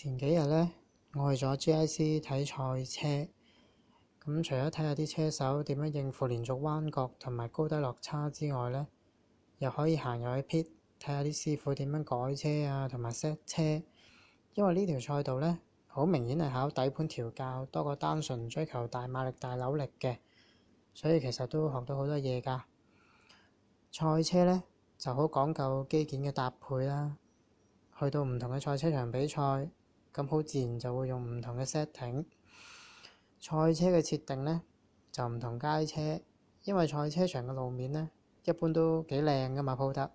前幾日呢，我去咗 GIC 睇賽車。咁除咗睇下啲車手點樣應付連續彎角同埋高低落差之外呢，又可以行入去 pit 睇下啲師傅點樣改車啊，同埋 set 車。因為呢條賽道呢，好明顯係考底盤調教多過單純追求大馬力大扭力嘅，所以其實都學到好多嘢㗎。賽車呢，就好講究機件嘅搭配啦、啊。去到唔同嘅賽車場比賽。咁好自然就會用唔同嘅 setting，賽車嘅設定呢，就唔同街車，因為賽車場嘅路面呢，一般都幾靚噶嘛，鋪得，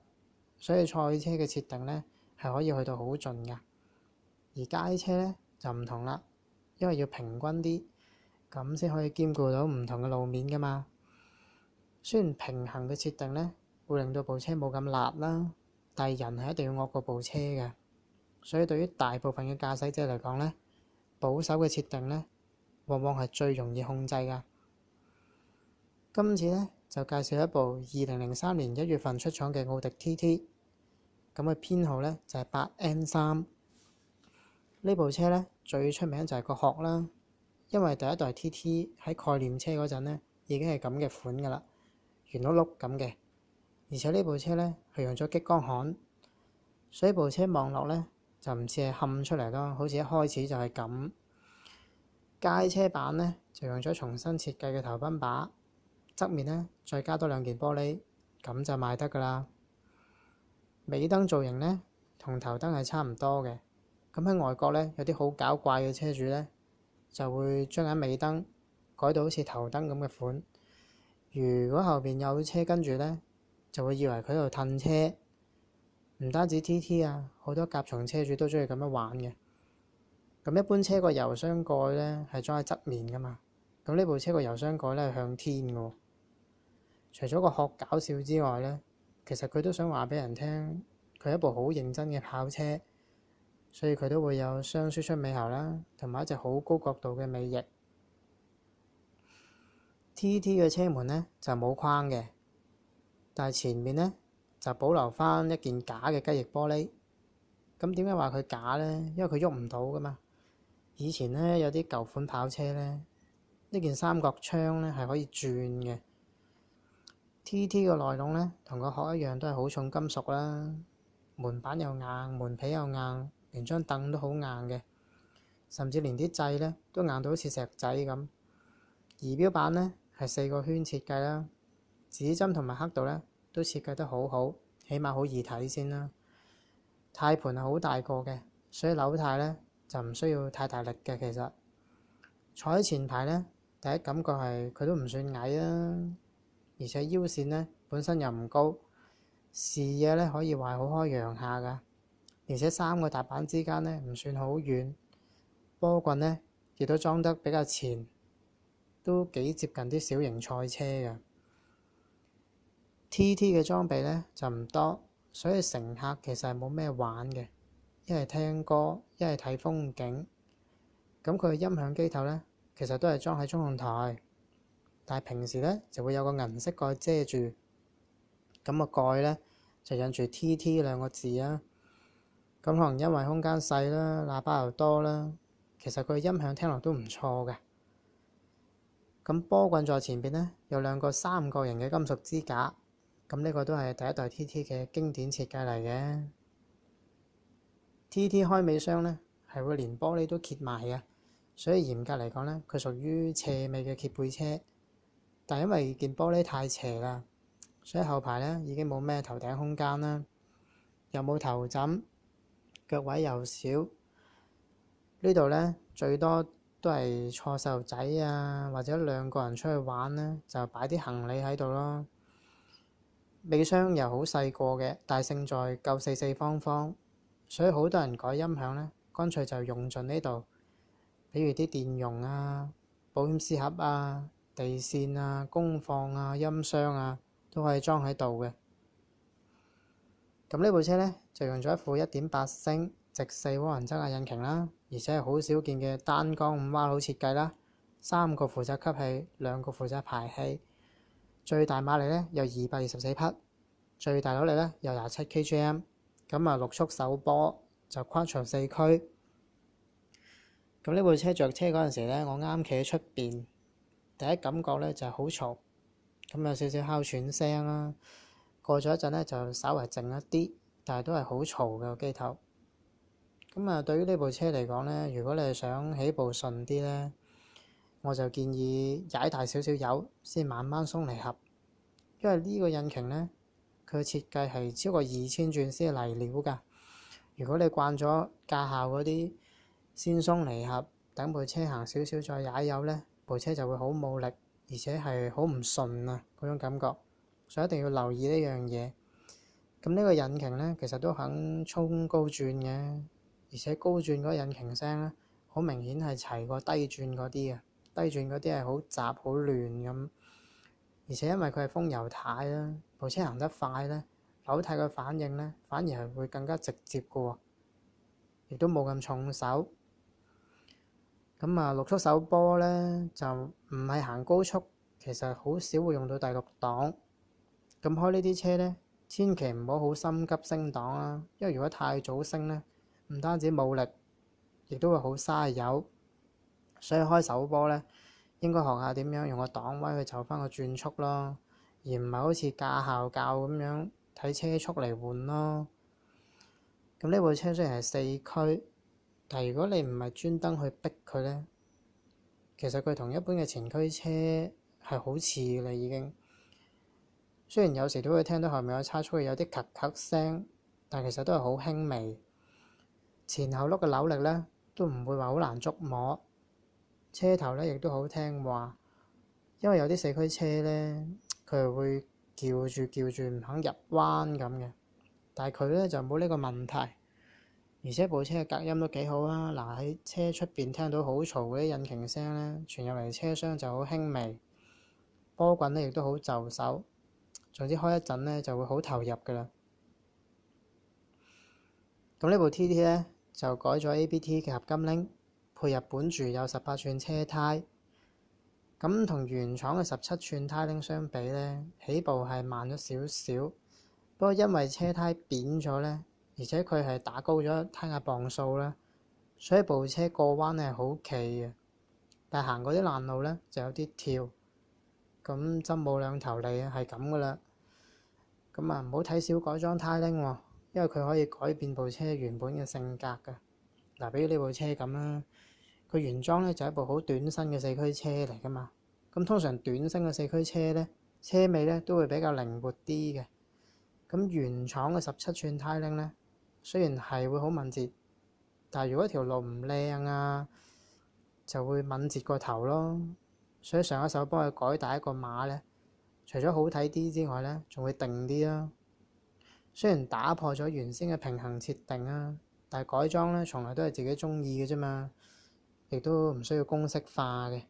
所以賽車嘅設定呢，係可以去到好盡噶。而街車呢，就唔同啦，因為要平均啲，咁先可以兼顧到唔同嘅路面噶嘛。雖然平衡嘅設定呢，會令到部車冇咁辣啦，但係人係一定要惡過部車㗎。所以對於大部分嘅駕駛者嚟講咧，保守嘅設定咧，往往係最容易控制㗎。今次咧就介紹一部二零零三年一月份出廠嘅奧迪 T T，咁嘅編號咧就係八 N 三。呢部車咧最出名就係個殼啦，因為第一代 T T 喺概念車嗰陣咧已經係咁嘅款㗎啦，圓碌碌咁嘅，而且呢部車咧係用咗激光焊，所以部車望落咧～就唔似係冚出嚟咯，好似一開始就係咁。街車版呢，就用咗重新設計嘅頭燈把，側面呢，再加多兩件玻璃，咁就賣得噶啦。尾燈造型呢，同頭燈係差唔多嘅。咁喺外國呢，有啲好搞怪嘅車主呢，就會將緊尾燈改到好似頭燈咁嘅款。如果後邊有車跟住呢，就會以為佢喺度褪車。唔單止 TT 啊，好多甲蟲車主都鍾意咁樣玩嘅。咁一般車個油箱蓋呢，係裝喺側面噶嘛，咁呢部車個油箱蓋呢係向天嘅喎。除咗個學搞笑之外呢，其實佢都想話俾人聽，佢係一部好認真嘅跑車，所以佢都會有雙輸出尾喉啦，同埋一隻好高角度嘅尾翼。TT 嘅車門呢，就冇框嘅，但係前面呢，就保留翻一件假嘅雞翼玻璃，咁點解話佢假呢？因為佢喐唔到噶嘛。以前呢，有啲舊款跑車呢，一件三角窗呢係可以轉嘅。TT 嘅內籠呢，同個殼一樣，都係好重金屬啦。門板又硬，門皮又硬，連張凳都好硬嘅，甚至連啲掣呢都硬到好似石仔咁。儀表板呢，係四個圈設計啦，指針同埋刻度呢。都設計得好好，起碼好易睇先啦。軚盤係好大個嘅，所以扭軚咧就唔需要太大力嘅。其實坐喺前排咧，第一感覺係佢都唔算矮啦，而且腰線咧本身又唔高，視野咧可以話好開揚下噶，而且三個踏板之間咧唔算好遠，波棍咧亦都裝得比較前，都幾接近啲小型賽車嘅。T T 嘅裝備咧就唔多，所以乘客其實係冇咩玩嘅，一係聽歌，一係睇風景。咁佢嘅音響機頭咧，其實都係裝喺中控台，但係平時咧就會有個銀色蓋遮住。咁個蓋咧就印住 T T 兩個字啊。咁可能因為空間細啦，喇叭又多啦，其實佢嘅音響聽落都唔錯嘅。咁波棍在前邊咧，有兩個三角形嘅金屬支架。咁呢個都係第一代 TT 嘅經典設計嚟嘅。TT 開尾箱咧係會連玻璃都揭埋嘅，所以嚴格嚟講咧，佢屬於斜尾嘅揭背車。但因為件玻璃太斜啦，所以後排咧已經冇咩頭頂空間啦，又冇頭枕，腳位又少。呢度咧最多都係坐細路仔啊，或者兩個人出去玩咧，就擺啲行李喺度咯。尾箱又好細個嘅，大勝在夠四四方方，所以好多人改音響咧，乾脆就用盡呢度。比如啲電容啊、保險絲盒啊、地線啊、功放啊、音箱啊，都可以裝喺度嘅。咁呢部車咧就用咗一副一點八升直四渦輪增壓引擎啦，而且係好少見嘅單缸五孖佬設計啦，三個負責吸氣，兩個負責排氣。最大馬力咧有二百二十四匹，最大扭力咧有廿七 kgm，咁啊六速手波就 quattro 四驅。咁呢部車着車嗰陣時咧，我啱企喺出邊，第一感覺咧就係好嘈，咁有少少哮喘聲啦。過咗一陣咧就稍微靜一啲，但係都係好嘈嘅機頭。咁啊，對於呢部車嚟講咧，如果你係想起步順啲咧，我就建議踩大少少油，先慢慢鬆離合，因為呢個引擎咧，佢設計係超過二千轉先嚟料㗎。如果你慣咗駕校嗰啲先鬆離合，等部車行少少再踩油咧，部車就會好冇力，而且係好唔順啊嗰種感覺，所以一定要留意呢樣嘢。咁呢個引擎咧，其實都肯衝高轉嘅，而且高轉嗰引擎聲咧，好明顯係齊過低轉嗰啲呀。低轉嗰啲係好雜好亂咁，而且因為佢係風油太啦，部車行得快咧，油太嘅反應咧反而係會更加直接嘅喎，亦都冇咁重手。咁啊，六速手波咧就唔係行高速，其實好少會用到第六檔。咁開呢啲車咧，千祈唔好好心急升檔啦，啊，因為如果太早升咧，唔單止冇力，亦都會好嘥油。所以開首波咧，應該學下點樣用個檔位去湊翻個轉速咯，而唔係好似駕校教咁樣睇車速嚟換咯。咁呢部車雖然係四驅，但係如果你唔係專登去逼佢咧，其實佢同一般嘅前驅車係好似嘅啦，已經。雖然有時都會聽到後面有差速嘅有啲咔咔聲，但其實都係好輕微。前後碌嘅扭力咧，都唔會話好難捉摸。車頭咧亦都好聽話，因為有啲四驅車咧，佢會叫住叫住唔肯入彎咁嘅，但係佢咧就冇呢個問題，而且部車嘅隔音都幾好啊！嗱，喺車出邊聽到好嘈嗰啲引擎聲咧，傳入嚟車廂就好輕微，波棍咧亦都好就手，總之開一陣咧就會好投入㗎啦。咁呢部 TT 咧就改咗 ABT 嘅合金鈴。配日本住有十八寸車胎，咁同原廠嘅十七寸胎鈴相比咧，起步係慢咗少少。不過因為車胎扁咗咧，而且佢係打高咗胎壓磅數啦，所以部車過彎咧係好企嘅，但行嗰啲爛路咧就有啲跳，咁真冇兩頭利啊，係咁噶啦。咁啊，唔好睇小改裝胎鈴喎，啊、因為佢可以改變部車原本嘅性格㗎。就比如呢部車咁啦，佢原裝咧就係一部好短身嘅四驅車嚟噶嘛。咁通常短身嘅四驅車咧，車尾咧都會比較靈活啲嘅。咁原廠嘅十七寸胎鈴咧，雖然係會好敏捷，但係如果條路唔靚啊，就會敏捷過頭咯。所以上一手幫佢改大一個碼咧，除咗好睇啲之外咧，仲會定啲啦。雖然打破咗原先嘅平衡設定啊。但係改裝咧，從來都係自己鍾意嘅啫嘛，亦都唔需要公式化嘅。